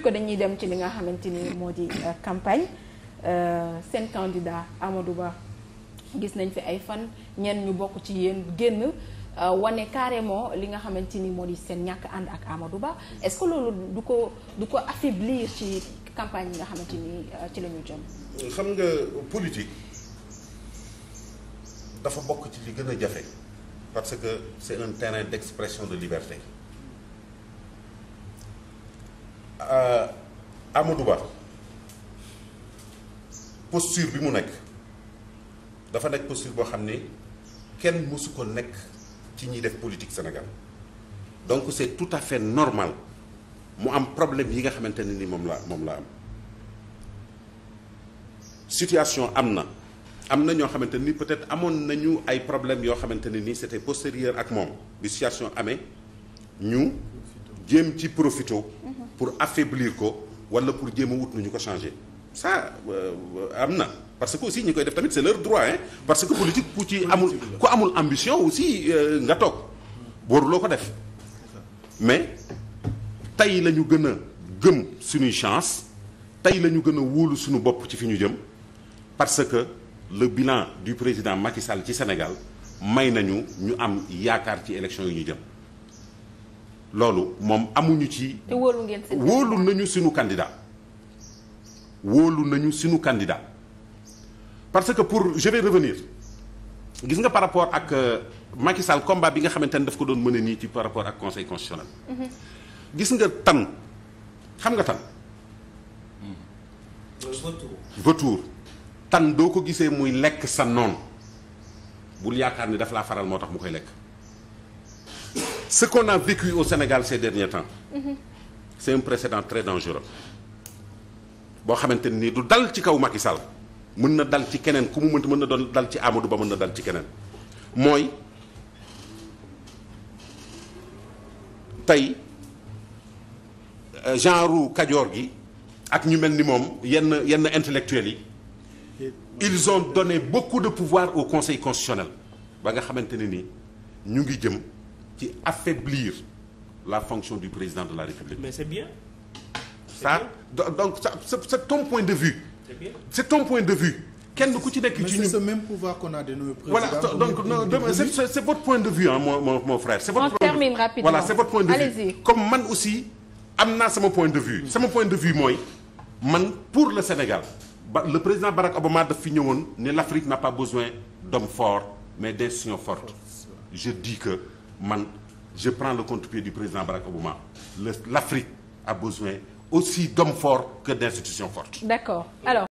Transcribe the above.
ko dañuy dem ci li nga xamante ni moo di euh, campagne euh, seen candidat Amadou Ba gis nañ fi ay fan ñenn ñu bokk ci yéen génn euh, wane carrément li nga xamante ni moo di seen ñàkk ànd ak Amadou Ba est-ce que loolu du ko du ko affaiblir ci campagne yi nga xamante ni ci la ñu nga xam nga politique dafa bokk ci li gën a jafe parce que c'est un terrain d'expression de liberté. Euh, Amadou Ba posture bi mu nekk dafa nekk posture boo xam ne kenn mësu ko nekk ci ñiy def politique Sénégal donc c'est tout à fait normal mu am problème yi nga xamante ne ni moom la moom la am situation am na am na ñoo xamante ni peut-être amoon na ñu ay problèmes yoo xamante ne ni c'était postérieur ak moom bi situation amee ñu jéem ci profito pour affaiblir ko wala pour jéem a wut nañu ñu ko changer ça euh, am na parce que aussi ñi koy def tamit c'est leur droit parce que politique ku ci amul ku amul ambition aussi euh, nga toog waruloo ko def mais tey la ñu gën a gëm suñuy chance tey la ñu gën a wóolu suñu bopp ci fi ñu jëm parce que le bilan du président Macky Sall ci Sénégal may nañu ñu am yaakaar ci élection yi ñu jëm loolu moom amuñu ci. te wóolu ngeen nañu suñu candidat wóolu nañu suñu candidat parce que pour je vais revenir gis nga par rapport ak euh, Macky Sall combat bi nga xamante ne daf ko doon mën a nii ci par rapport ak conseil constitutionnel. Mm-hmm. gis nga tan xam nga tan. vautour tan doo ko gisee muy lekk sa noon bul yaakaar ni daf laa faral moo tax mu koy lekk. ce qu'on a vécu au Sénégal ces derniers temps c'est un précédent très dangereux boo xamante ni du dal ci kaw Macky Sall mën na dal ci keneen ku mu mënti mën na doon dal ci Amadou Ba mën na dal ci keneen mooy tey euh, genre kajoor gi ak ñu mel ni moom yenn yenn intellectuels yi ils ont donné beaucoup de pouvoir au conseil constitutionnel ba nga xamante ne ni ñu ngi jëm ci affaiblir la fonction du président de la République. mais c'est bien. C'est donc ça c'est ton point de vue. c'est bien c'est ton point de vue. kenn ku ci nekk ci ñun mais c'est a dénommé président. voilà donc c'est votre point de vue ah mon mon mon frère. c'est votre on termine rapidement point de vue. comme man aussi am naa sama point de vue. Mm. sama point de vue mooy man pour le Sénégal. ba le président Barack Obama daf fi ñëwoon ne l'Afrique n'a pas besoin d'hommes forts mais d'institutions fortes je dis que. man je prends le contre-pied du président Barack Obama l'Afrique a besoin aussi d'hommes forts que d'institutions fortes. D'accord alors.